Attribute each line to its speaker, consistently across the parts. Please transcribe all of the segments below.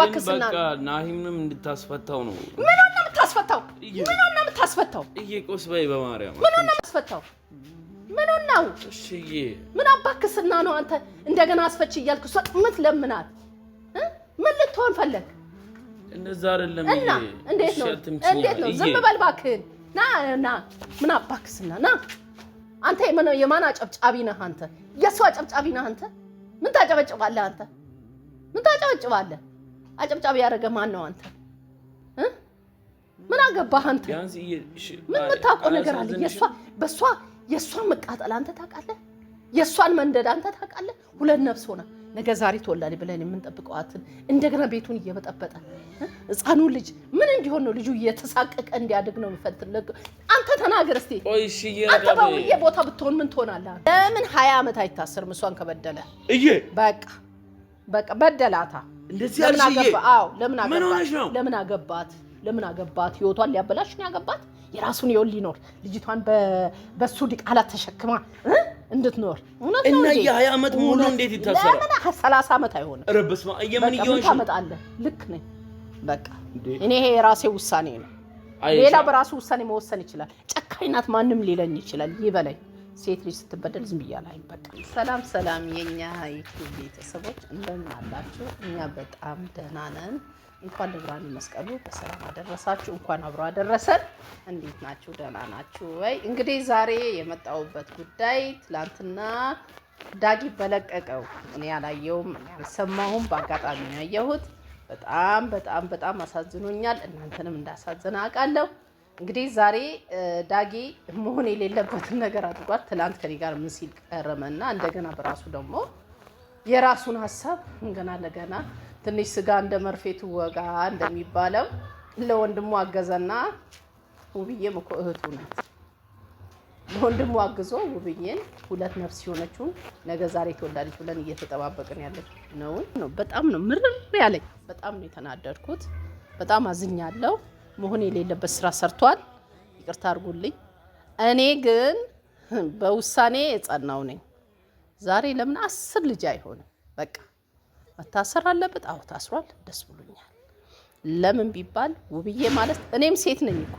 Speaker 1: አባክስና
Speaker 2: ናሂምንም እንድታስፈታው ነው።
Speaker 1: ምን ሆነ የምታስፈታው? ምን ሆነ የምታስፈታው? በይ በማርያም ምን ሆነ የምታስፈታው? ምን ሆነው? ምን ነው አንተ እንደገና አስፈች እያልክ እሷ ጥምት ለምናት ምን ልትሆን ፈለግ?
Speaker 2: እንደዛ አይደለም። እና
Speaker 1: እንዴት ነው እንዴት ነው? ዝም በል እባክህን። ና ና ምን ና አንተ የማን አጨብጫቢ ነህ አንተ? የእሷ አጨብጫቢ ነህ አንተ? ምን ታጨበጭባለህ አንተ? ምን ታጨበጭባለህ? አጨብጫብ ያደረገ ማን ነው አንተ? ምን አገባህ አንተ?
Speaker 2: ምን
Speaker 1: የምታውቀው ነገር አለ? የእሷ በእሷ የእሷን መቃጠል አንተ ታውቃለህ? የእሷን መንደድ አንተ ታውቃለህ? ሁለት ነፍስ ሆነ ነገ ዛሬ ትወላለች ብለን የምንጠብቀዋትን እንደገና ቤቱን እየበጠበጠ ህፃኑ ልጅ ምን እንዲሆን ነው? ልጁ እየተሳቀቀ እንዲያድግ ነው የሚፈልግ? አንተ ተናገር እስኪ። አንተ በውየ ቦታ ብትሆን ምን ትሆናለህ? ለምን ሀያ ዓመት አይታሰርም? እሷን ከበደለ በቃ በቃ በደላታ
Speaker 2: እንደዚህ ያልሽዬ ለምን
Speaker 1: አገባት? ለምን አገባት? ህይወቷን ሊያበላሽ ነው ያገባት። የራሱን ይወል ሊኖር ልጅቷን በሱ ዲቃላ ተሸክማ እንድትኖር
Speaker 2: እና የሀያ ዓመት ሙሉ እንዴት ይታሰራል?
Speaker 1: ለምን ሰላሳ ዓመት አይሆንም?
Speaker 2: ኧረ በስመ አብ
Speaker 1: ታመጣለህ? ልክ ነኝ። በቃ እኔ ይሄ የራሴ ውሳኔ ነው። ሌላ በራሱ ውሳኔ መወሰን ይችላል። ጨካኝ ናት፣ ማንም ሊለኝ ይችላል፣ ይበለኝ ሴት ልጅ ስትበደል ዝም ብያለ አይበቃ። ሰላም ሰላም፣ የእኛ ሀይቱ ቤተሰቦች እንደምን አላችሁ? እኛ በጣም ደህና ነን። እንኳን ለብርሃነ መስቀሉ በሰላም አደረሳችሁ። እንኳን አብሮ አደረሰን። እንዴት ናችሁ? ደህና ናችሁ ወይ? እንግዲህ ዛሬ የመጣሁበት ጉዳይ ትላንትና ዳጊ በለቀቀው እኔ ያላየውም እኔ አልሰማሁም፣ በአጋጣሚ ነው ያየሁት። በጣም በጣም በጣም አሳዝኖኛል። እናንተንም እንዳሳዘነ አውቃለሁ። እንግዲህ ዛሬ ዳጊ መሆን የሌለበትን ነገር አድርጓል። ትላንት ከኔ ጋር ምን ሲል ቀረመና እንደገና በራሱ ደግሞ የራሱን ሀሳብ ገና ለገና ትንሽ ስጋ እንደ መርፌቱ ወጋ እንደሚባለው ለወንድሙ አገዘና ውብዬ እኮ እህቱ ናት። ለወንድሙ አግዞ ውብዬን ሁለት ነፍስ የሆነችውን ነገ ዛሬ ትወልዳለች ብለን እየተጠባበቅን ያለ ነው ነው። በጣም ነው ምርር ያለኝ። በጣም ነው የተናደድኩት። በጣም አዝኛለሁ። መሆን የሌለበት ስራ ሰርቷል። ይቅርታ አድርጉልኝ። እኔ ግን በውሳኔ የጸናው ነኝ። ዛሬ ለምን አስር ልጅ አይሆንም? በቃ መታሰር አለበት። አሁ ታስሯል። ደስ ብሎኛል። ለምን ቢባል ውብዬ ማለት እኔም ሴት ነኝ እኮ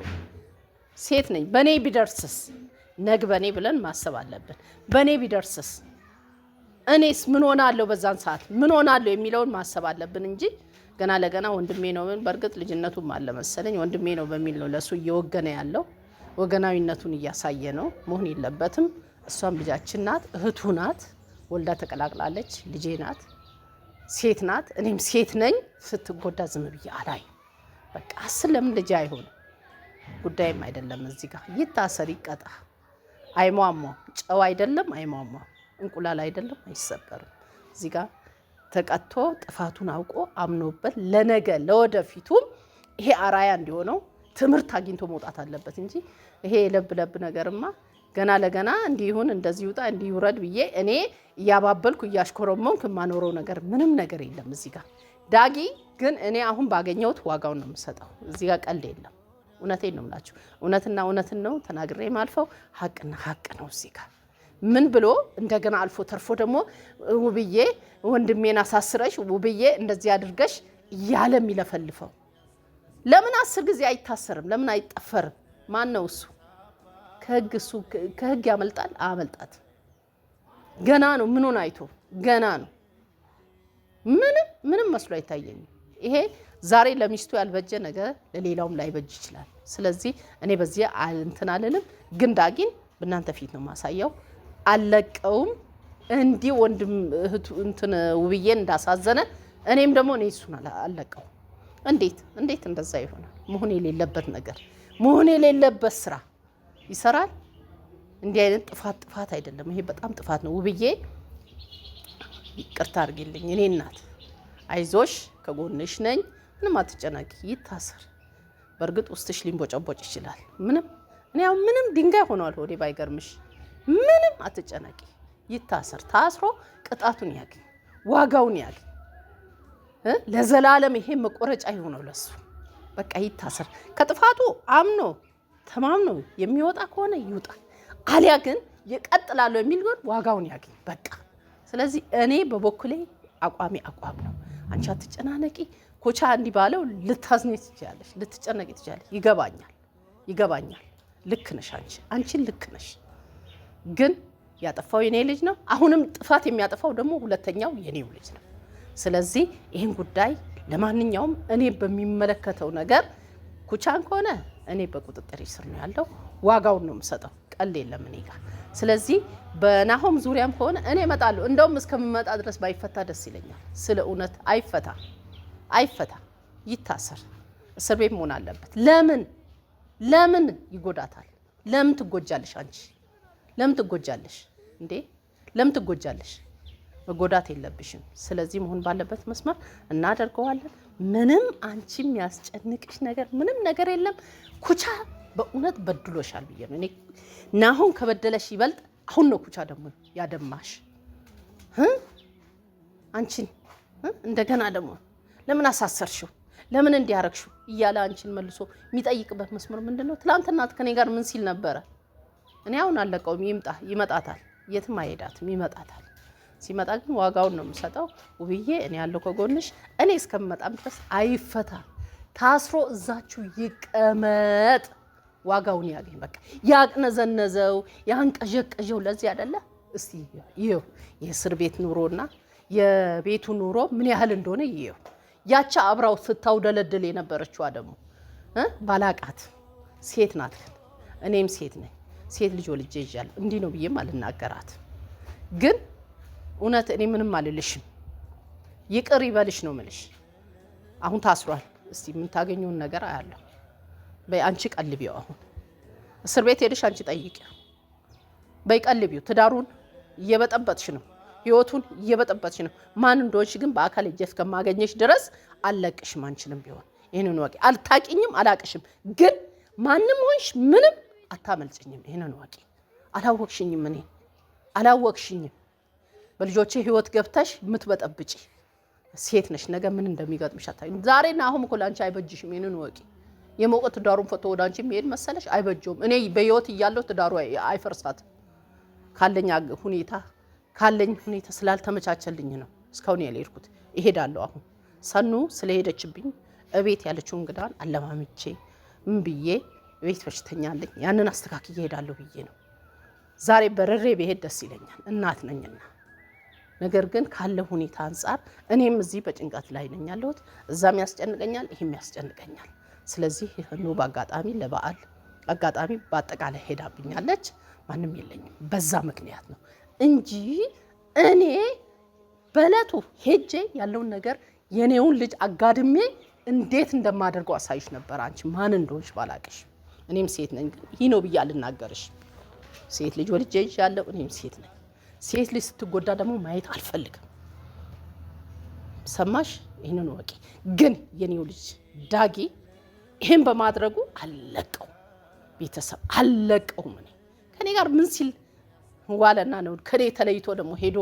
Speaker 1: ሴት ነኝ። በእኔ ቢደርስስ ነግ በእኔ ብለን ማሰብ አለብን። በእኔ ቢደርስስ እኔስ ምን ሆናለሁ? በዛን ሰዓት ምን ሆናለሁ የሚለውን ማሰብ አለብን እንጂ ገና ለገና ወንድሜ ነው። በእርግጥ ልጅነቱም አለ መሰለኝ ወንድሜ ነው በሚል ነው ለእሱ እየወገነ ያለው። ወገናዊነቱን እያሳየ ነው። መሆን የለበትም። እሷም ልጃችን ናት፣ እህቱ ናት፣ ወልዳ ተቀላቅላለች። ልጄ ናት፣ ሴት ናት፣ እኔም ሴት ነኝ። ስትጎዳ ዝም ብዬ አላይ። በቃ አስር ለምን ልጅ አይሆንም? ጉዳይም አይደለም። እዚህ ጋር ይታሰር ይቀጣ። አይሟሟ ጨው አይደለም፣ አይሟሟ እንቁላል አይደለም፣ አይሰበርም እዚህ ጋር ተቀጥቶ ጥፋቱን አውቆ አምኖበት ለነገ ለወደፊቱም ይሄ አራያ እንዲሆነው ትምህርት አግኝቶ መውጣት አለበት እንጂ ይሄ የለብ ለብ ነገርማ ገና ለገና እንዲሁን እንደዚህ ይውጣ እንዲውረድ ብዬ እኔ እያባበልኩ እያሽኮረመንኩ የማኖረው ነገር ምንም ነገር የለም። እዚህ ጋር ዳጊ ግን እኔ አሁን ባገኘሁት ዋጋውን ነው የምሰጠው። እዚህ ጋር ቀልድ የለም። እውነቴን ነው የምላችሁ። እውነትና እውነትን ነው ተናግሬ ማልፈው። ሀቅና ሀቅ ነው እዚህ ጋር ምን ብሎ እንደገና አልፎ ተርፎ ደግሞ ውብዬ ወንድሜን አሳስረሽ ውብዬ እንደዚህ አድርገሽ እያለ የሚለፈልፈው ለምን አስር ጊዜ አይታሰርም? ለምን አይጠፈርም? ማን ነው እሱ? ከህግ እሱ ከህግ ያመልጣል? አመልጣት ገና ነው። ምኑን አይቶ ገና ነው። ምንም ምንም መስሎ አይታየኝም። ይሄ ዛሬ ለሚስቱ ያልበጀ ነገ ለሌላውም ላይበጅ ይችላል። ስለዚህ እኔ በዚህ እንትን አልልም፣ ግን ዳጊን በእናንተ ፊት ነው ማሳየው። አልለቀውም። እንዲህ ወንድም እህቱ እንትን ውብዬን እንዳሳዘነ እኔም ደግሞ እኔ እሱን አለቀው እንዴት እንዴት እንደዛ ይሆናል? መሆን የሌለበት ነገር መሆን የሌለበት ስራ ይሰራል። እንዲህ አይነት ጥፋት ጥፋት አይደለም፣ ይሄ በጣም ጥፋት ነው። ውብዬ ይቅርታ አድርጌልኝ እኔ እናት አይዞሽ፣ ከጎንሽ ነኝ፣ ምንም አትጨናቂ። ይታሰር። በእርግጥ ውስጥሽ ሊንቦጨቦጭ ይችላል። ምንም እኔ ያው ምንም ድንጋይ ሆኗል ሆዴ ባይገርምሽ ምንም አትጨነቂ። ይታሰር፣ ታስሮ ቅጣቱን ያገኝ፣ ዋጋውን ያገኝ። ለዘላለም ይሄ መቆረጫ ይሆነው ለሱ። በቃ ይታሰር። ከጥፋቱ አምኖ ተማምኖ የሚወጣ ከሆነ ይውጣ፣ አሊያ ግን ይቀጥላለሁ የሚል ግን ዋጋውን ያገኝ። በቃ ስለዚህ እኔ በበኩሌ አቋሚ አቋም ነው። አንቺ አትጨናነቂ። ኮቻ እንዲህ ባለው ልታዝኝ ትችላለሽ፣ ልትጨነቂ ትችላለሽ። ይገባኛል፣ ይገባኛል። ልክ ነሽ አንቺ አንቺን ልክ ነሽ። ግን ያጠፋው የኔ ልጅ ነው። አሁንም ጥፋት የሚያጠፋው ደግሞ ሁለተኛው የኔው ልጅ ነው። ስለዚህ ይህን ጉዳይ ለማንኛውም እኔ በሚመለከተው ነገር ኩቻን ከሆነ እኔ በቁጥጥር ስር ነው ያለው፣ ዋጋውን ነው የምሰጠው። ቀል የለም እኔ ጋር። ስለዚህ በናሆም ዙሪያም ከሆነ እኔ እመጣለሁ። እንደውም እስከምመጣ ድረስ ባይፈታ ደስ ይለኛል። ስለ እውነት አይፈታ አይፈታ፣ ይታሰር፣ እስር ቤት መሆን አለበት። ለምን ለምን ይጎዳታል? ለምን ትጎጃለሽ አንቺ? ለምን ትጎጃለሽ እንዴ? ለምን ትጎጃለሽ? መጎዳት የለብሽም። ስለዚህ መሆን ባለበት መስመር እናደርገዋለን። ምንም አንቺ የሚያስጨንቅሽ ነገር ምንም ነገር የለም። ኩቻ በእውነት በድሎሻል ብዬ ነው እኔ እና አሁን ከበደለሽ ይበልጥ አሁን ነው ኩቻ ደግሞ ያደማሽ አንቺን እንደገና ደግሞ ለምን አሳሰርሽው ለምን እንዲያረግሽው እያለ አንቺን መልሶ የሚጠይቅበት መስመር ምንድን ነው? ትላንትና ከኔ ጋር ምን ሲል ነበረ? እኔ አሁን አለቀውም። ይምጣ ይመጣታል፣ የትም አይሄዳትም፣ ይመጣታል። ሲመጣ ግን ዋጋውን ነው የምሰጠው። ውብዬ እኔ ያለው ከጎንሽ፣ እኔ እስከምመጣም ድረስ አይፈታ፣ ታስሮ እዛችሁ ይቀመጥ፣ ዋጋውን ያገኝ። በቃ ያቅነዘነዘው ያንቀዠቀዠው ለዚህ አይደለ? እስቲ ይኸው የእስር ቤት ኑሮና የቤቱ ኑሮ ምን ያህል እንደሆነ ይኸው። ያቻ አብራው ስታውደለድል የነበረችዋ ደግሞ ባላቃት ሴት ናት። እኔም ሴት ነኝ። ሴት ልጅ ወልጄ ይዣለሁ እንዲህ ነው ብዬም አልናገራት። ግን እውነት እኔ ምንም አልልሽም፣ ይቅር ይበልሽ ነው ምልሽ። አሁን ታስሯል። እስቲ የምታገኘውን ነገር አያለሁ። በይ አንቺ ቀልቢው፣ አሁን እስር ቤት ሄደሽ አንቺ ጠይቂ። በይ ቀልቢው፣ ትዳሩን እየበጠበጥሽ ነው፣ ህይወቱን እየበጠበጥሽ ነው። ማን እንደሆንሽ ግን በአካል እጄ እስከማገኘሽ ድረስ አልለቅሽም። አንችልም ቢሆን ይህንን ወቂ። አልታቂኝም፣ አላቅሽም። ግን ማንም ሆንሽ ምንም አታመልጭኝም። ይህንን እወቂ። አላወቅሽኝም፣ እኔ አላወቅሽኝም። በልጆቼ ህይወት ገብተሽ የምትበጠብጪ ሴት ነሽ። ነገ ምን እንደሚገጥምሽ አታ ዛሬና አሁን እኮ ለአንቺ አይበጅሽም። ይህንን ወቂ የሞቀ ትዳሩን ፈቶ ወደ አንቺ የሚሄድ መሰለሽ? አይበጀውም። እኔ በህይወት እያለሁ ትዳሩ አይፈርሳትም። ካለኝ ሁኔታ ካለኝ ሁኔታ ስላልተመቻቸልኝ ነው እስካሁን ያልሄድኩት። እሄዳለሁ። አሁን ሰኑ ስለሄደችብኝ እቤት ያለችው እንግዳን አለማምቼ ምን ብዬ ቤት በሽተኛ አለኝ፣ ያንን አስተካክዬ እሄዳለሁ ብዬ ነው። ዛሬ በረሬ ብሄድ ደስ ይለኛል፣ እናት ነኝና። ነገር ግን ካለ ሁኔታ አንጻር እኔም እዚህ በጭንቀት ላይ ነኝ ያለሁት። እዛም ያስጨንቀኛል፣ ይህም ያስጨንቀኛል። ስለዚህ ህኑ በአጋጣሚ ለበዓል አጋጣሚ በአጠቃላይ ሄዳብኛለች። ማንም የለኝም። በዛ ምክንያት ነው እንጂ እኔ በእለቱ ሄጄ ያለውን ነገር የኔውን ልጅ አጋድሜ እንዴት እንደማደርገው አሳይሽ ነበር። አንቺ ማን እንደሆንሽ ባላቅሽ እኔም ሴት ነኝ። ይህ ነው ብዬ አልናገርሽ። ሴት ልጅ ወልጄ ይዣለሁ። እኔም ሴት ነኝ። ሴት ልጅ ስትጎዳ ደግሞ ማየት አልፈልግም። ሰማሽ? ይህንን ወቂ። ግን የኔው ልጅ ዳጊ ይህን በማድረጉ አለቀው፣ ቤተሰብ አለቀው እኔ ከኔ ጋር ምን ሲል ዋለና ነው ከኔ ተለይቶ ደግሞ ሄዶ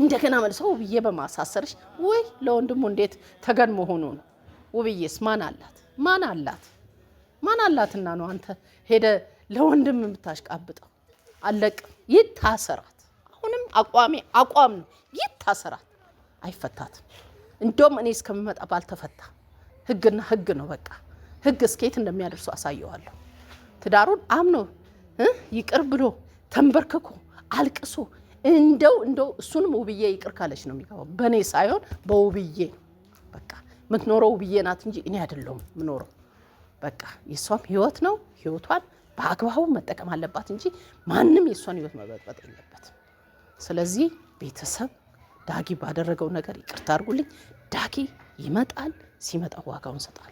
Speaker 1: እንደገና መልሰው ውብዬ በማሳሰርሽ ወይ ለወንድሙ እንዴት ተገን መሆኑ ነው። ውብዬስ ማን አላት? ማን አላት? ማን አላትና ነው አንተ ሄደ ለወንድም የምታሽቃብጠው? አለቅ ይታሰራት። አሁንም አቋሚ አቋም ነው። ይታሰራት። አይፈታትም። እንደውም እኔ እስከምመጣ ባልተፈታ። ህግና ህግ ነው በቃ። ህግ እስኬት እንደሚያደርሱ አሳየዋለሁ። ትዳሩን አምኖ ይቅር ብሎ ተንበርክኮ አልቅሶ እንደው እንደው እሱንም ውብዬ ይቅር ካለች ነው የሚገባው። በእኔ ሳይሆን በውብዬ በቃ የምትኖረው ውብዬ ናት እንጂ እኔ አይደለሁም ምኖረው። በቃ የእሷም ህይወት ነው። ህይወቷን በአግባቡ መጠቀም አለባት እንጂ ማንም የእሷን ህይወት መበጥበጥ የለበትም። ስለዚህ ቤተሰብ ዳጊ ባደረገው ነገር ይቅርታ አድርጉልኝ። ዳጊ ይመጣል፣ ሲመጣ ዋጋውን ሰጣለሁ።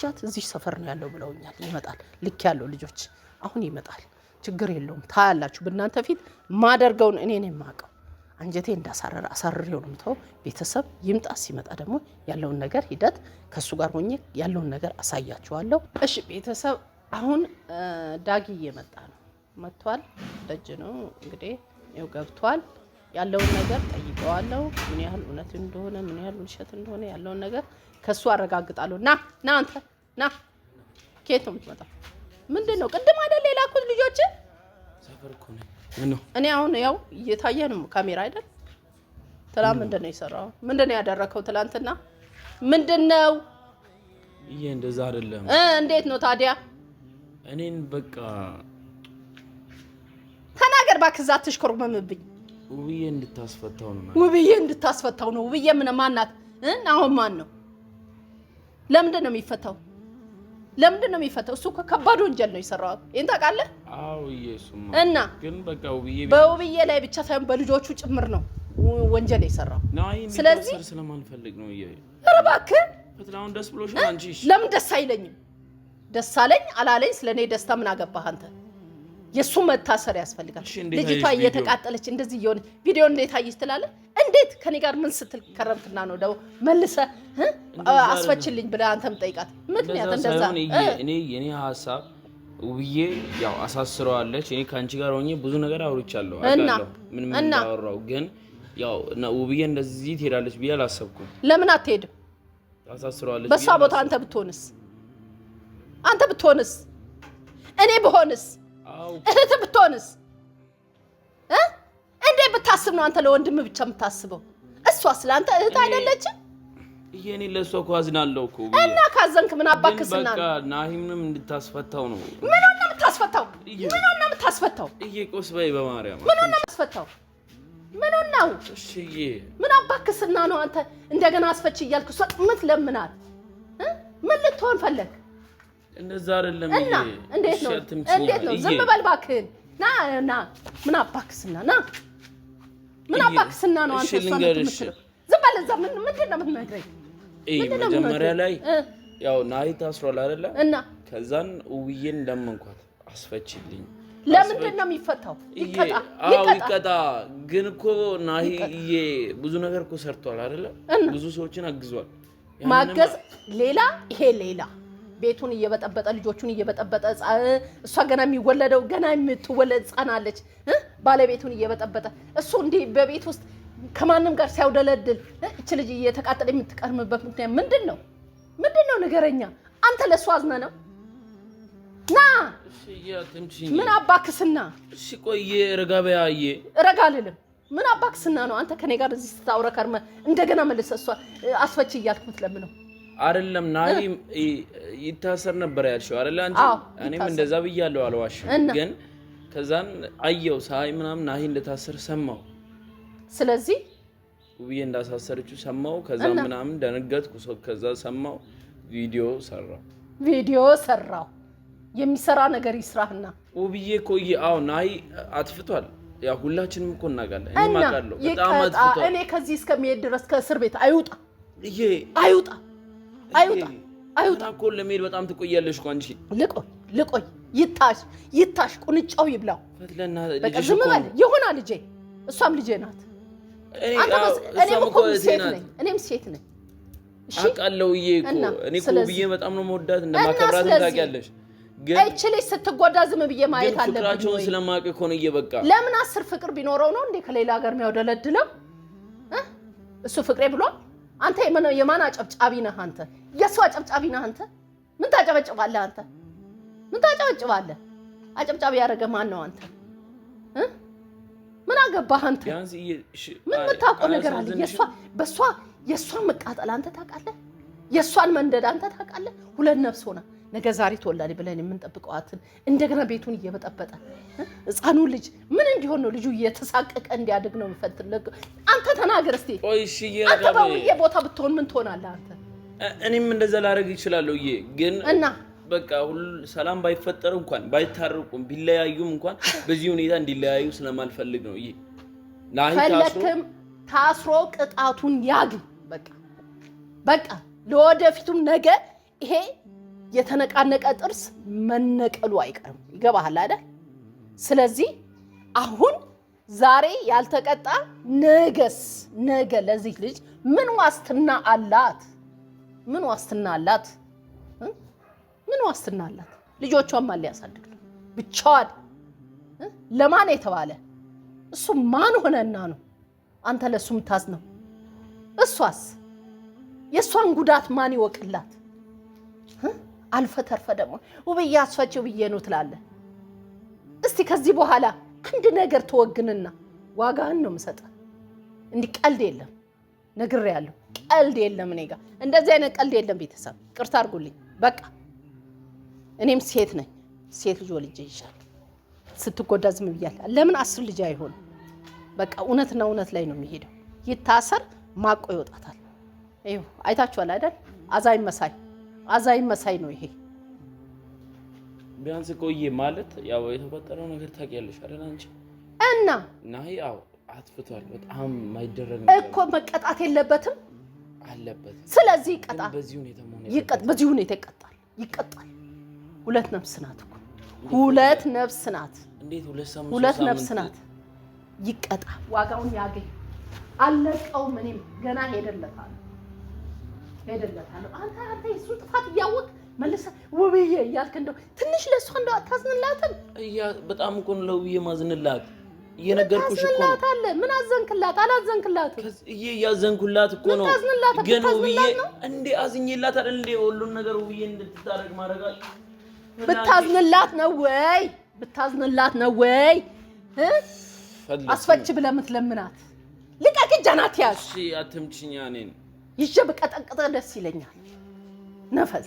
Speaker 1: ቻት እዚህ ሰፈር ነው ያለው ብለውኛል። ይመጣል፣ ልክ ያለው ልጆች፣ አሁን ይመጣል። ችግር የለውም። ታያላችሁ፣ በእናንተ ፊት ማደርገውን እኔ ነው የማውቀው። አንጀቴ እንዳሳረረ አሳርሬው ነው የምተው። ቤተሰብ ይምጣ። ሲመጣ ደግሞ ያለውን ነገር ሂደት ከእሱ ጋር ሆኜ ያለውን ነገር አሳያችኋለሁ። እሺ ቤተሰብ፣ አሁን ዳጊ እየመጣ ነው። መጥቷል። ደጅ ነው እንግዲህ ይኸው ገብቷል። ያለውን ነገር ጠይቀዋለሁ። ምን ያህል እውነት እንደሆነ ምን ያህል ውሸት እንደሆነ ያለውን ነገር ከእሱ አረጋግጣለሁ። ና ና፣ አንተ ና። ከየት ነው የምትመጣው? ምንድን ነው ቅድም አይደል የላኩት ልጆችን እኔ አሁን ያው እየታየ ነው ካሜራ አይደል? ትላንት ምንድን ነው የሰራው? ምንድን ነው ያደረከው? ትላንትና ምንድን ነው
Speaker 2: ይሄ? እንደዛ አይደለም።
Speaker 1: እንዴት ነው ታዲያ?
Speaker 2: እኔን በቃ
Speaker 1: ተናገር እባክህ። እዛ አትሽኮርመምብኝ።
Speaker 2: ውብዬ እንድታስፈታው ነው
Speaker 1: ውብዬ እንድታስፈታው ነው። ውብዬ ምን ማናት? አሁን ማን ነው? ለምንድን ነው የሚፈታው? ለምንድን ነው የሚፈተው? እሱ ከባድ ወንጀል ነው የሰራው። ይሄን ታውቃለህ? አዎ እና ግን በቃ በውብዬ ላይ ብቻ ሳይሆን በልጆቹ ጭምር ነው ወንጀል የሰራው።
Speaker 2: ስለዚህ ስለማንፈልግ ነው።
Speaker 1: ኧረ እባክህ ለምን ደስ አይለኝም? ደስ አለኝ አላለኝ ስለኔ ደስታ ምን አገባህ አንተ? የእሱ መታሰር ያስፈልጋል። ልጅቷ እየተቃጠለች እንደዚህ እየሆነ ቪዲዮ እንዴት አየች ትላለህ? እንዴት ከኔ ጋር ምን ስትል ከረምክና ነው ደግሞ መልሰ አስፈችልኝ ብለ አንተም ጠይቃት። ምክንያት እንደዛ
Speaker 2: እኔ የኔ ሀሳብ ውብዬ ያው አሳስረዋለች። እኔ ከአንቺ ጋር ሆኜ ብዙ ነገር አውርቻለሁ አውቃለሁ፣ ምንም እንዳወራው ግን ያው ውብዬ እንደዚህ ትሄዳለች ብዬ አላሰብኩም።
Speaker 1: ለምን አትሄድም? አሳስረዋለች። በእሷ ቦታ አንተ ብትሆንስ? አንተ ብትሆንስ? እኔ ብሆንስ እህት ብትሆንስ እንዴ ብታስብ ነው አንተ ለወንድም ብቻ የምታስበው? እሷ ስለ አንተ እህት አይደለችም።
Speaker 2: እኔ ለእሷ እኮ አዝናለሁ እኮ
Speaker 1: እና ካዘንክ ምን አባክ ስና
Speaker 2: ናሂምንም እንድታስፈታው ነው።
Speaker 1: ምን ነው የምታስፈታው? ምን ነው የምታስፈታው?
Speaker 2: እዬ ቁስ በይ በማርያም
Speaker 1: ምን ነው የምታስፈታው? ምን ነው እሺዬ፣ ምን አባክ ነው አንተ እንደገና አስፈች እያልክ እሷ ጥምት ትለምናል? ምን ልትሆን ፈለግ
Speaker 2: እንደዛ አይደለም። እና
Speaker 1: እንዴት ነው እንዴት ነው? ዝም በል እባክህን። ና ና፣ ምን አባክስና ና፣ ምን አባክስና ነው አንተ። እሷ ዝም በል እዛ። ምን ምንድን ነው የምትነግረኝ?
Speaker 2: መጀመሪያ ላይ ያው ናሂ ታስሯል አይደለ? እና ከዛን ውዬን ለመንኳት አስፈችልኝ።
Speaker 1: ለምንድን ነው የሚፈታው?
Speaker 2: ይቀጣ ግን እኮ ናሂ ብዙ ነገር እኮ ሰርቷል አይደለ? ብዙ ሰዎችን አግዟል።
Speaker 1: ማገዝ ሌላ፣ ይሄ ሌላ ቤቱን እየበጠበጠ ልጆቹን እየበጠበጠ እሷ ገና የሚወለደው ገና የምትወለድ ጻናለች ባለቤቱን እየበጠበጠ እሱ እንዲህ በቤት ውስጥ ከማንም ጋር ሲያውደለድል እች ልጅ እየተቃጠለ የምትቀርምበት ምክንያት ምንድን ነው? ምንድን ነው ንገረኛ። አንተ ለእሱ አዝነ ነው ና ምን አባክስና
Speaker 2: ቆየ ረጋበያየ
Speaker 1: ረጋ ልልም ምን አባክስና ነው አንተ ከኔ ጋር እዚህ ስታውረከርመ እንደገና መልሰ እሷ አስፈች እያልኩት ለምነው
Speaker 2: አይደለም ናሂ ይታሰር ነበር ያልሽው አይደለ? አንቺ እኔም እንደዛ ብያለሁ፣ አልዋሽ። ግን ከዛን አየው ሳይ ምናምን ናሂ እንደታሰር ሰማው። ስለዚህ ውብዬ እንዳሳሰረችው ሰማው። ከዛ ምናምን ደነገጥኩ። ከዛ ሰማው፣ ቪዲዮ ሰራው፣
Speaker 1: ቪዲዮ ሰራው። የሚሰራ ነገር ይስራህና
Speaker 2: ውብዬ ኮይ። አዎ ናሂ አትፍቷል። ያ ሁላችንም እኮ እናውቃለን። እኔ ማቃለሁ። በጣም አትፍቷል። እኔ ከዚህ እስከሚሄድ ድረስ ከእስር ቤት አይውጣ፣ አይውጣ ይሄ አይውጣ አይውጣ እኮ ለመሄድ በጣም ትቆያለሽ እኮ አንቺ።
Speaker 1: ልቆይ ልቆይ፣ ይታሽ ይታሽ፣ ቁንጫው ይብላው። በቃ ዝም በል ይሆና ልጄ፣ እሷም ልጄ ናት። እኔም ሴት ነኝ፣ እኔም ሴት እኔ
Speaker 2: እኮ ብዬ በጣም ነው መወዳት እንደማከብራት ታውቂያለሽ።
Speaker 1: እች ልጅ ስትጎዳ ዝም ብዬ
Speaker 2: ማየት አለብኝ። ፍቅራቸውን ስለማውቅ እኮ ነው። እየበቃ
Speaker 1: ለምን አስር ፍቅር ቢኖረው ነው እንዴ ከሌላ ሀገር የሚያወደለድለው? እሱ ፍቅሬ ብሏል አንተ የማን አጨብጫቢ ነህ? አንተ የእሱ አጨብጫቢ ነህ? አንተ ምን ታጨበጭባለህ? አንተ ምን ታጨበጭባለህ? አጨብጫቢ ያደረገ ማን ነው? አንተ ምን አገባህ? አንተ
Speaker 2: ምን
Speaker 1: የምታውቀው ነገር አለ? በእሷ የእሷን መቃጠል አንተ ታውቃለህ? የእሷን መንደድ አንተ ታውቃለህ? ሁለት ነፍስ ሆነ ነገ ዛሬ ተወላድ ብለን የምንጠብቀዋትን እንደገና ቤቱን እየበጠበጠ ህፃኑ ልጅ ምን እንዲሆን ነው? ልጁ እየተሳቀቀ እንዲያደግ ነው የምፈትለግ። አንተ ተናገር እስኪ። አንተ በውዬ ቦታ ብትሆን ምን ትሆናለህ አንተ?
Speaker 2: እኔም እንደዛ ላደርግ ይችላለሁ። ይ ግን እና በቃ ሁሉ ሰላም ባይፈጠር እንኳን ባይታረቁም ቢለያዩም እንኳን በዚህ ሁኔታ እንዲለያዩ ስለማልፈልግ ነው። ይሄ
Speaker 1: ፈለክም ታስሮ ቅጣቱን ያግኝ። በቃ በቃ ለወደፊቱም ነገ ይሄ የተነቃነቀ ጥርስ መነቀሉ አይቀርም። ይገባሃል አይደል? ስለዚህ አሁን ዛሬ ያልተቀጣ ነገስ ነገ ለዚህ ልጅ ምን ዋስትና አላት? ምን ዋስትና አላት? ምን ዋስትና አላት? ልጆቿን ማን ሊያሳድግ ነው? ብቻዋን ለማን የተባለ እሱ ማን ሆነና ነው አንተ ለእሱ ምታዝ ነው? እሷስ የእሷን ጉዳት ማን ይወቅላት? አልፈተርፈ ደግሞ ውብዬ አስፈጪው ብዬ ነው ትላለ። እስቲ ከዚህ በኋላ አንድ ነገር ተወግንና ዋጋህን ነው የምሰጠህ። እንዲህ ቀልድ የለም ነግሬያለሁ። ቀልድ የለም እኔ ጋር እንደዚህ አይነት ቀልድ የለም። ቤተሰብ ቅርታ አድርጉልኝ። በቃ እኔም ሴት ነኝ። ሴት ልጅ ወልጄ ይሻል ስትጎዳ ዝም ብያለሁ። ለምን አስር ልጅ አይሆንም? በቃ እውነትና እውነት ላይ ነው የሚሄደው። ይታሰር ማቆ ይወጣታል። አይታችኋል አይደል? አዛኝ መሳይ አዛኝ መሳይ ነው ይሄ።
Speaker 2: ቢያንስ ቆየ ማለት ያው የተፈጠረው ነገር ታውቂያለሽ አይደል አንቺ እና ና ያው አጥፍቷል። በጣም የማይደረግ
Speaker 1: እኮ መቀጣት የለበትም አለበት። ስለዚህ ይቀጣል።
Speaker 2: በዚህ ሁኔታ
Speaker 1: በዚህ ሁኔታ ይቀጣል ይቀጣል። ሁለት ነፍስ ናት እኮ ሁለት ነፍስ ናት።
Speaker 2: እንዴት ሁለት ሳምንት
Speaker 1: ሁለት ነፍስ ናት። ይቀጣ፣ ዋጋውን ያገኝ። አለቀው። ምንም ገና ሄደለታል ሄደለታለሁ። አንተ አንተ የእሱን ጥፋት እያወቅ መልሰ ውብዬ እያልክ እንደው ትንሽ እንደው አታዝንላትም?
Speaker 2: እያ በጣም እኮ ነው ለውብዬ ማዝንላት እየነገርኩሽ እኮ
Speaker 1: ነው። ምን አዘንክላት? አላዘንክላት
Speaker 2: እዬ እያዘንኩላት እኮ ነው። ግን ውብዬ እንዴ አይደል እንዴ ሁሉን ነገር ውብዬ ማድረጋል።
Speaker 1: ብታዝንላት ነው ወይ ብታዝንላት ነው ወይ አስፈች ብለህ የምትለምናት ልቀቅ፣ እሺ
Speaker 2: አትምችኛ እኔን
Speaker 1: ይዤ ብቀጠቅጠ ደስ ይለኛል። ነፈስ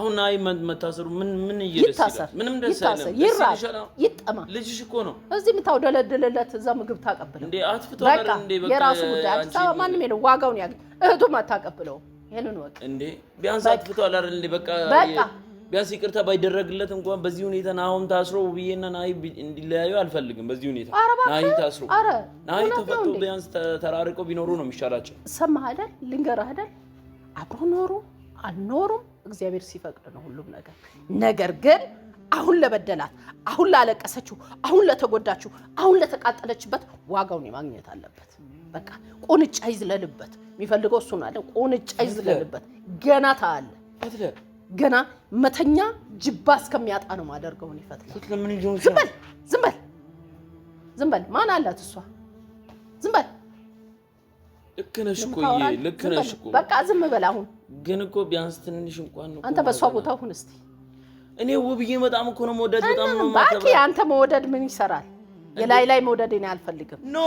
Speaker 2: አሁን አይ መታሰሩ ምን ምን ይታሰር፣ ምንም ደስ
Speaker 1: አይለም።
Speaker 2: ይጠማ ልጅሽ እኮ ነው
Speaker 1: እዚህ የምታውደለድልለት እዛ ምግብ ታቀብለው እንዴ?
Speaker 2: አትፍቶ አይደል
Speaker 1: እንዴ? በቃ የራሱ ጉዳይ። አዲስ አበባ ማንም የለው ዋጋውን ያገኝ። እህቱም አታቀብለውም። ይሄንን ወቅ
Speaker 2: እንዴ ቢያንስ አትፍቶ አይደል እንዴ? በቃ በቃ ቢያንስ ይቅርታ ባይደረግለት እንኳን በዚህ ሁኔታ ናሆም ታስሮ ውብዬና ናሂ እንዲለያዩ አልፈልግም። በዚህ ሁኔታ ናሂ ታስሮ ናሂ ተፈቶ ቢያንስ ተራርቀው ቢኖሩ ነው የሚሻላቸው።
Speaker 1: ሰማህ አይደል? ልንገርህ አይደል? አብሮ ኖሩ አልኖሩም እግዚአብሔር ሲፈቅድ ነው ሁሉም ነገር። ነገር ግን አሁን ለበደላት፣ አሁን ላለቀሰችው፣ አሁን ለተጎዳችው፣ አሁን ለተቃጠለችበት ዋጋውን ማግኘት አለበት። በቃ ቁንጫ ይዝለልበት። የሚፈልገው እሱን አለ። ቁንጫ ይዝለልበት። ገና ታለ ገና መተኛ ጅባ እስከሚያጣ ነው ማደርገውን ይፈትላል። ዝም በል ዝም በል ዝም በል ማን አላት እሷ? ዝም በል
Speaker 2: ልክ ነሽ እኮ ልክ ነሽ እኮ
Speaker 1: በቃ ዝም በል። አሁን
Speaker 2: ግን እኮ ቢያንስ ትንሽ እንኳን ነው።
Speaker 1: አንተ በእሷ ቦታ ሁን እስቲ።
Speaker 2: እኔ ውብዬ በጣም እኮ ነው መወዳድ፣
Speaker 1: በጣም ነው ማተባ። አንተ መወደድ ምን ይሰራል? የላይ ላይ መውደድ እኔ አልፈልግም።
Speaker 2: ኖ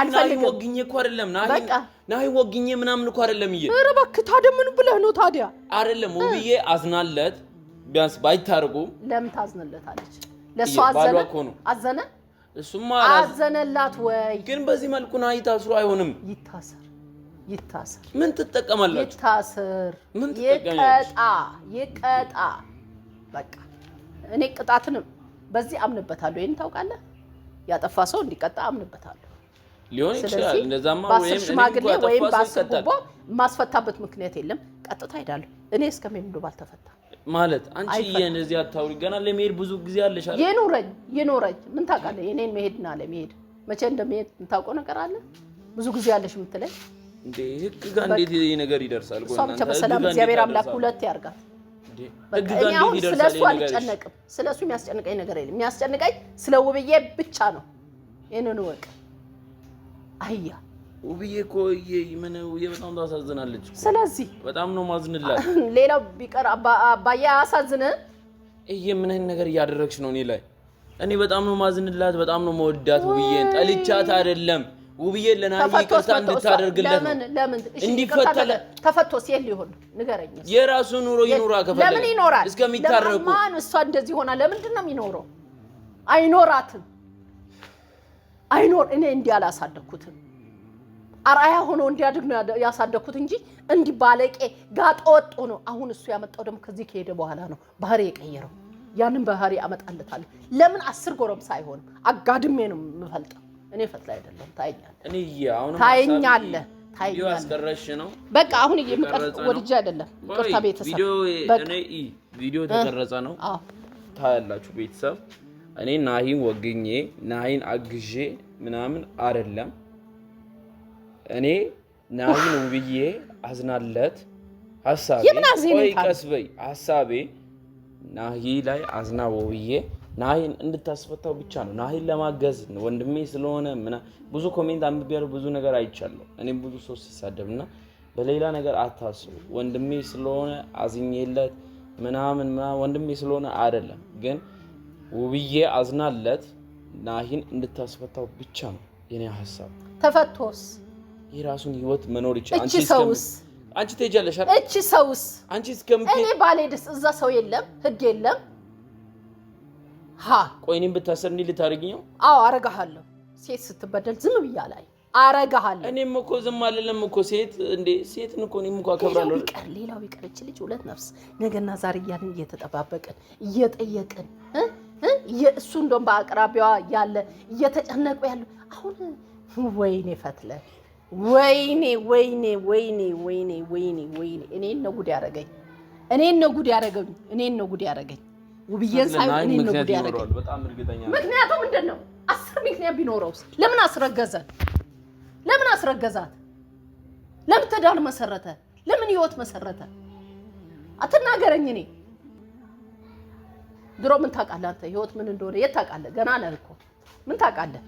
Speaker 2: አልፈልግም። ወግኜ እኮ አይደለም ናሂ ወግኜ ምናምን እኮ አይደለም። እየ
Speaker 1: ኧረ እባክህ ታዲያ ምን ብለህ ነው ታዲያ?
Speaker 2: አይደለም ውብዬ አዝናለት፣ ቢያንስ ባይታርጉ።
Speaker 1: ለምን ታዝንለታለች? ለእሷ አዘነ
Speaker 2: አዘነ እሱማ
Speaker 1: አዘነላት ወይ?
Speaker 2: ግን በዚህ መልኩ ናሂ ታስሮ አይሆንም።
Speaker 1: ይታሰር ይታሰር።
Speaker 2: ምን ትጠቀማላችሁ?
Speaker 1: ይታሰር።
Speaker 2: ምን ትጠቀማላችሁ? ይቀጣ ይቀጣ። በቃ እኔ ቅጣትንም በዚህ አምንበታለሁ። ይህን ታውቃለህ፣ ያጠፋ ሰው እንዲቀጣ አምንበታለሁ። ሊሆን ይችላል። እንደዛማ ወይም ሽማግሌ ወይም በአስር ጉቦ የማስፈታበት ምክንያት የለም። ቀጥታ ሄዳለሁ እኔ እስከሚምዱ ባልተፈታ ማለት አንቺ እዚህ አታውሪ ገና ለመሄድ ብዙ ጊዜ አለሽ። አለ የኖረኝ የኖረኝ ምን ታውቃለህ? የኔን መሄድና ለመሄድ መቼ እንደመሄድ የምታውቀው ነገር አለ። ብዙ ጊዜ አለሽ የምትለኝ እንዴ? ህግ ጋር እንዴት ይሄ ነገር ይደርሳል? እሷ ብቻ በሰላም እግዚአብሔር አምላክ ሁለት ያርጋት። አሁን ስለሱ አልጨነቅም። የሚያስጨንቀኝ ነገር የለም። የሚያስጨንቀኝ ስለ ውብዬ ብቻ ነው። ይህንን ውብዬ እኮ ምን ውብዬ በጣም ታሳዝናለች። ስለዚህ በጣም ነው ማዝንላት። ሌላው ቢቀር አባዬ አሳዝን። ይሄ ምን አይነት ነገር እያደረግሽ ነው እኔ ላይ? እኔ በጣም ነው ማዝንላት፣ በጣም ነው መወዳት። ውብዬን ጠልቻት አይደለም ውብዬ ለናኒ ይቅርታ እንድታደርግለት ነው። እንዲፈተለ ተፈቶስ የት ሊሆን ንገረኝ። የራሱ ኑሮ ይኑራ ከፈለ ለምን ይኖራል? እስከሚታረቁ ለማን እሷ እንደዚህ ሆና ለምንድን ነው የሚኖረው? አይኖራትም። አይኖር እኔ እንዲህ አላሳደግኩትም። አርአያ ሆኖ እንዲያድግ ነው ያሳደግኩት እንጂ እንዲህ ባለቄ ጋጠ ወጥ ሆኖ አሁን እሱ ያመጣው ደግሞ ከዚህ ከሄደ በኋላ ነው ባህሪ የቀየረው። ያንን ባህሪ አመጣለታለሁ። ለምን አስር ጎረምሳ አይሆንም? አጋድሜ ነው የምፈልጠው እኔ ፈጥላ አይደለም ታየኛለህ፣ ታየኛለህ ያስቀረሽ ነው በቃ አሁን እየምቀርጽ ወድጄ አይደለም። ቅርታ ቤተሰብ ቪዲዮ ተቀረጸ ነው ታያላችሁ። ቤተሰብ እኔ ናሂን ወግኜ ናሂን አግዤ ምናምን አይደለም። እኔ ናሂን ውብዬ አዝናለት ሀሳቤ፣ ቆይ ቀስ በይ ሀሳቤ ናሂ ላይ አዝና ውብዬ ናሂን እንድታስፈታው ብቻ ነው። ናሂን ለማገዝ ወንድሜ ስለሆነ ብዙ ኮሜንት አንብቤያለሁ፣ ብዙ ነገር አይቻለሁ። እኔም ብዙ ሰው ሲሳደብ እና በሌላ ነገር አታስቡ። ወንድሜ ስለሆነ አዝኜለት ምናምን ምናምን ወንድሜ ስለሆነ አይደለም። ግን ውብዬ አዝናለት ናሂን እንድታስፈታው ብቻ ነው የኔ ሀሳብ። ተፈቶስ የራሱን ህይወት መኖር ይችላል። እቺ ሰውስ አንቺ ትሄጃለሽ። እቺ ሰውስ አንቺ እስከምትሄድ እኔ ባልሄድስ? እዛ ሰው የለም፣ ህግ የለም ሀ ቆይ እኔም ብታሰር እንዲህ ልታደርጊኝ አዎ አረጋሃለሁ። ሴት ስትበደል ዝም ብያ ላይ አረጋሃለሁ። እኔም እኮ ዝም አልልም እኮ ሴት እንዴ ሴትን እኮ እኔም እኮ አከብራለሁ። ቀር ሌላው ቀር እች ልጅ ሁለት ነፍስ ነገና ዛሬ እያልን እየተጠባበቅን እየጠየቅን እሱ እንደውም በአቅራቢያዋ ያለ እየተጨነቁ ያለ አሁን ወይኔ ፈትለ ወይኔ ወይኔ ወይኔ ወይኔ ወይኔ ወይኔ እኔን ነው ጉድ ያደረገኝ። እኔን ነው ጉድ ያደረገኝ። እኔን ነው ጉድ ያደረገኝ። ውብዬን ሳይሆን እኔን ነው ጉድ ያደረገኝ። ምንድን ነው አስር ምክንያት ቢኖረውስ ለምን አስረገዘን? ለምን አስረገዛት? ለምን ትዳር መሰረተ? ለምን ህይወት መሰረተ? አትናገረኝ። እኔ ድሮ ምን ታውቃለህ አንተ ህይወት ምን እንደሆነ የት ታውቃለህ? ገና ነህ እኮ ምን ታውቃለህ?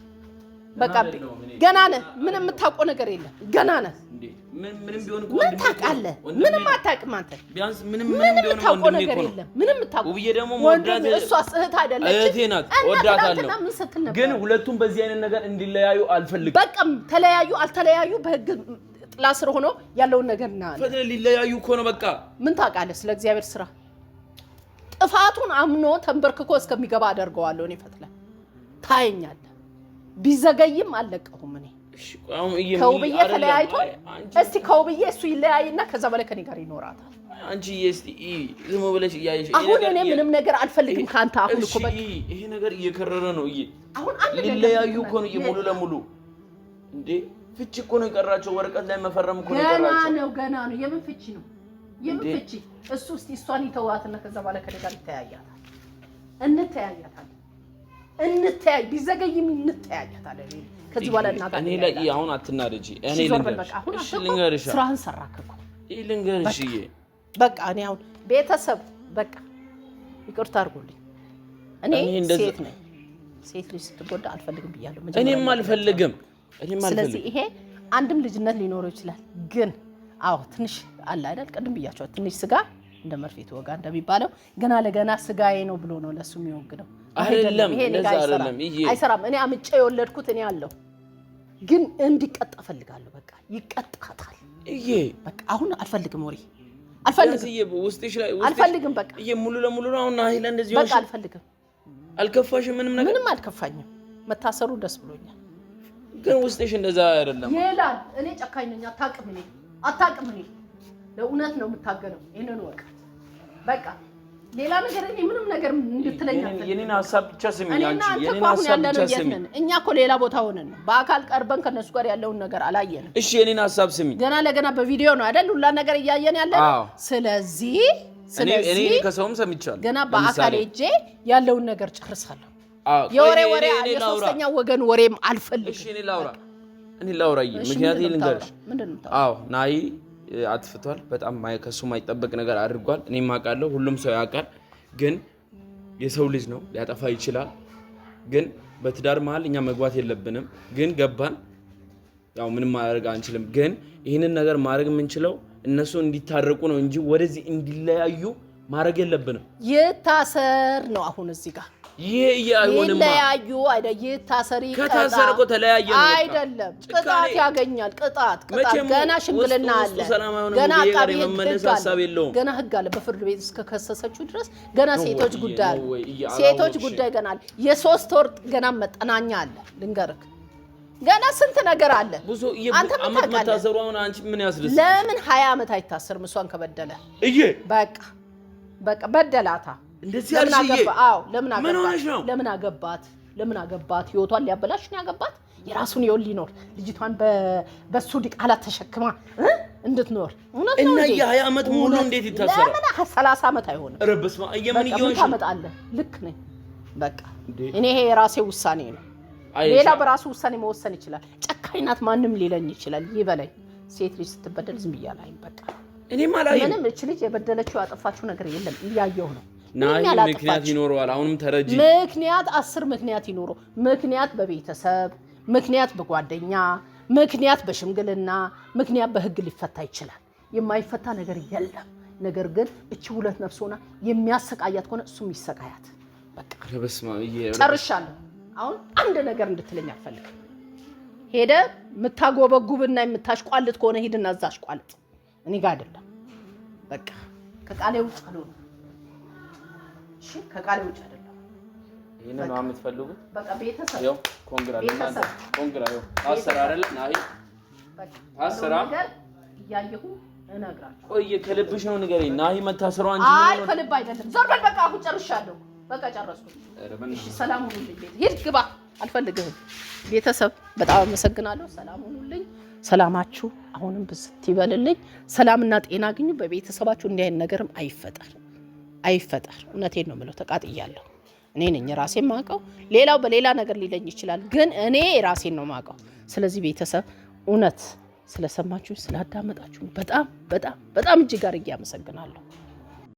Speaker 2: በቃ ገና ነህ። ምን የምታውቀው ነገር የለም። ገና ነህ ምን ታውቃለህ? ምንም አታውቅም አንተ። ምንም የምታውቀው ነገር የለም። ምንም የምታውቀው ግን ሁለቱም በዚህ አይነት ነገር እንዲለያዩ አልፈልግም። ተለያዩ አልተለያዩ በህግ ጥላ ስር ሆኖ ያለውን ነገር ሊለያዩ እኮ ነው። በቃ ምን ታውቃለህ? ስለ እግዚአብሔር ስራ ጥፋቱን አምኖ ተንበርክኮ እስከሚገባ አደርገዋለሁ እኔ ታየኛለህ። ቢዘገይም አልለቀሁም እኔ ከውብዬ ተለያይቶ እስቲ ከውብዬ እሱ ይለያይና ከዛ በላይ ከኔ ጋር ይኖራታል። አንቺ ዝም ብለሽ እያየሽ አሁን እኔ ምንም ነገር አልፈልግም ከአንተ። አሁን እኮ ይሄ ነገር እየከረረ ነው። እዬ ሊለያዩ እኮ ነው ሙሉ ለሙሉ እንዴ! ፍቺ እኮ ነው የቀራቸው። ወረቀት ላይ መፈረም እኮ ነው ገና ነው ገና ነው። የምን ፍቺ ነው የምን ፍቺ? እሱ እስቲ እሷን ይተዋትና ከዛ በኋላ ከኔ ጋር ይተያያታል። እንተያያታለን፣ እንተያይ ቢዘገይም እንተያያታለን። ከዚህ በኋላ እናጋ እኔ ላይ አሁን አትናደጂ። እኔ ልንገርሽ አሁን ስራህን ሰራክ እኮ ልንገርሽ። እዬ በቃ እኔ አሁን ቤተሰብ በቃ ይቅርታ አድርጎልኝ። እኔ ሴት ነኝ፣ ሴት ልጅ ስትጎዳ አልፈልግም ብያለሁ። እኔም አልፈልግም። ስለዚህ ይሄ አንድም ልጅነት ሊኖረው ይችላል። ግን አዎ ትንሽ አለ አይደል? ቅድም ብያቸዋል። ትንሽ ስጋ እንደ መርፌ ትወጋ እንደሚባለው ገና ለገና ስጋዬ ነው ብሎ ነው ለሱ የሚወግደው። አይሰራም። እኔ አምጬ የወለድኩት እኔ አለው ግን እንዲቀጣ እፈልጋለሁ። በቃ ይቀጣታል። በቃ አሁን አልፈልግም፣ ወሬ አልፈልግም። በቃ ሙሉ ለሙሉ አልፈልግም። አልከፋሽም? ምንም ነገር ምንም አልከፋኝም። መታሰሩ ደስ ብሎኛል። ግን ውስጤሽ እንደዛ አይደለም ይላል። እኔ ጨካኝ ነኝ። አታውቅም፣ እኔ አታውቅም። እኔ ለእውነት ነው የምታገለው። ይህንን በቃ ሌላ ነገር እኔ ምንም ነገር እንድትለኝ የኔን ሀሳብ ብቻ ስሚኝ አንቺ። የኔን ሀሳብ ብቻ ስሚኝ። እኛ እኮ ሌላ ቦታ ሆነን ነው በአካል ቀርበን ከነሱ ጋር ያለውን ነገር አላየንም። እሺ የኔን ሀሳብ ስሚኝ። ገና ለገና በቪዲዮ ነው አይደል ሁላ ነገር እያየን ያለ። ስለዚህ እኔ ከሰውም ሰምቻለሁ። ገና በአካል ሄጄ ያለውን ነገር ጨርሳለሁ። የወሬ ወሬ የሶስተኛ ወገን ወሬም አልፈልግም። እኔ ላውራ እኔ ላውራዬ ምክንያት ልንገርሽ። አዎ ናይ አጥፍቷል። በጣም ከሱ ማይጠበቅ ነገር አድርጓል። እኔም አውቃለሁ፣ ሁሉም ሰው ያውቃል። ግን የሰው ልጅ ነው፣ ሊያጠፋ ይችላል። ግን በትዳር መሀል እኛ መግባት የለብንም። ግን ገባን፣ ያው ምንም ማድረግ አንችልም። ግን ይህንን ነገር ማድረግ የምንችለው እነሱ እንዲታረቁ ነው እንጂ ወደዚህ እንዲለያዩ ማድረግ የለብንም። ይታሰር ነው አሁን እዚህ ጋር ይሄ አይሆንም። ይለያዩ አይደል? ይታሰሪ ከታሰረ እኮ ተለያየ አይደለም። ቅጣት ያገኛል። ቅጣት ቅጣት። ገና ሽምግልና አለ። ገና አቃቤ ገና ህግ አለ። በፍርድ ቤት እስከከሰሰችው ድረስ ገና ሴቶች ጉዳይ ሴቶች ጉዳይ ገና አለ። የሶስት ወር ገና መጠናኛ አለ። ልንገርክ ገና ስንት ነገር አለ። አንተ መታሰሩ አሁን አንቺ ምን ያስደስት? ለምን ሀያ ዓመት አይታሰርም? እሷን ከበደለ በቃ በቃ በደላታ እንደዚህ ምን ሆነሽ ለምን አገባት? ለምን አገባት? ህይወቷን ሊያበላሽ ነው ያገባት። የራሱን ይወል ሊኖር ልጅቷን በሱ ዲቃላ ተሸክማ እንድትኖር እና የሀያ ዓመት ሙሉ እንዴት ይታሰራል? ለምን ሰላሳ ዓመት አይሆንም? ኧረ በስመ አብ የምን ይሆንሽ ታመጣለህ? ልክ ነኝ። በቃ እኔ ይሄ የራሴ ውሳኔ ነው። ሌላ በራሱ ውሳኔ መወሰን ይችላል። ጨካኝ ናት ማንም ሊለኝ ይችላል። ይበለኝ። ሴት ልጅ ስትበደል ዝም ብያለሁ። በቃ እኔ ማለት ምንም እች ልጅ የበደለችው ያጠፋችው ነገር የለም። እያየሁ ነው ምክንያት ይኖረዋል። አሁንም ተረጂ ምክንያት አስር ምክንያት ይኖረው። ምክንያት በቤተሰብ ምክንያት በጓደኛ ምክንያት በሽምግልና ምክንያት በህግ ሊፈታ ይችላል። የማይፈታ ነገር የለም። ነገር ግን እቺ ሁለት ነፍስ ሆና የሚያሰቃያት ከሆነ እሱም ይሰቃያት። በቃ ጨርሻለሁ። አሁን አንድ ነገር እንድትለኝ አልፈልግም። ሄደ የምታጎበጉብና የምታሽቋልጥ ከሆነ ሂድና እዛ አሽቋልጥ። እኔ ጋር አይደለም። በቃ ከቃሌ ውጭ አልሆነ እሺ፣ ከቃሌ ውጭ አይደለም። ይሄን ነው የምትፈልጉት? በቃ ቤተሰብ ያው ኮንግራ ለናንተ ኮንግራ ያው አሰራ አይደለ ናይ አሰራ እያየሁ እነግራቸው። ቆይ ከልብሽ ነው ንገሪ። ናይ መታሰሯ አንቺ አይ ከልብ አይደለም። ዞር በል በቃ አሁን ጨርሻለሁ። በቃ ጨረስኩ። እሺ ሰላም ሁኑልኝ። ቤት ሂድ ግባ፣ አልፈልግህም። ቤተሰብ በጣም አመሰግናለሁ። ሰላም ሁኑልኝ። ሰላማችሁ አሁንም ብስት ይበልልኝ። ሰላምና ጤና አግኙ። በቤተሰባችሁ እንዲህ አይነት ነገርም አይፈጠር። አይፈጠር። እውነቴን ነው የምለው፣ ተቃጥያለሁ። እኔ ነኝ ራሴን ማውቀው። ሌላው በሌላ ነገር ሊለኝ ይችላል፣ ግን እኔ ራሴን ነው ማቀው ስለዚህ ቤተሰብ እውነት ስለሰማችሁ ስላዳመጣችሁ በጣም በጣም በጣም እጅግ አድርጌ አመሰግናለሁ።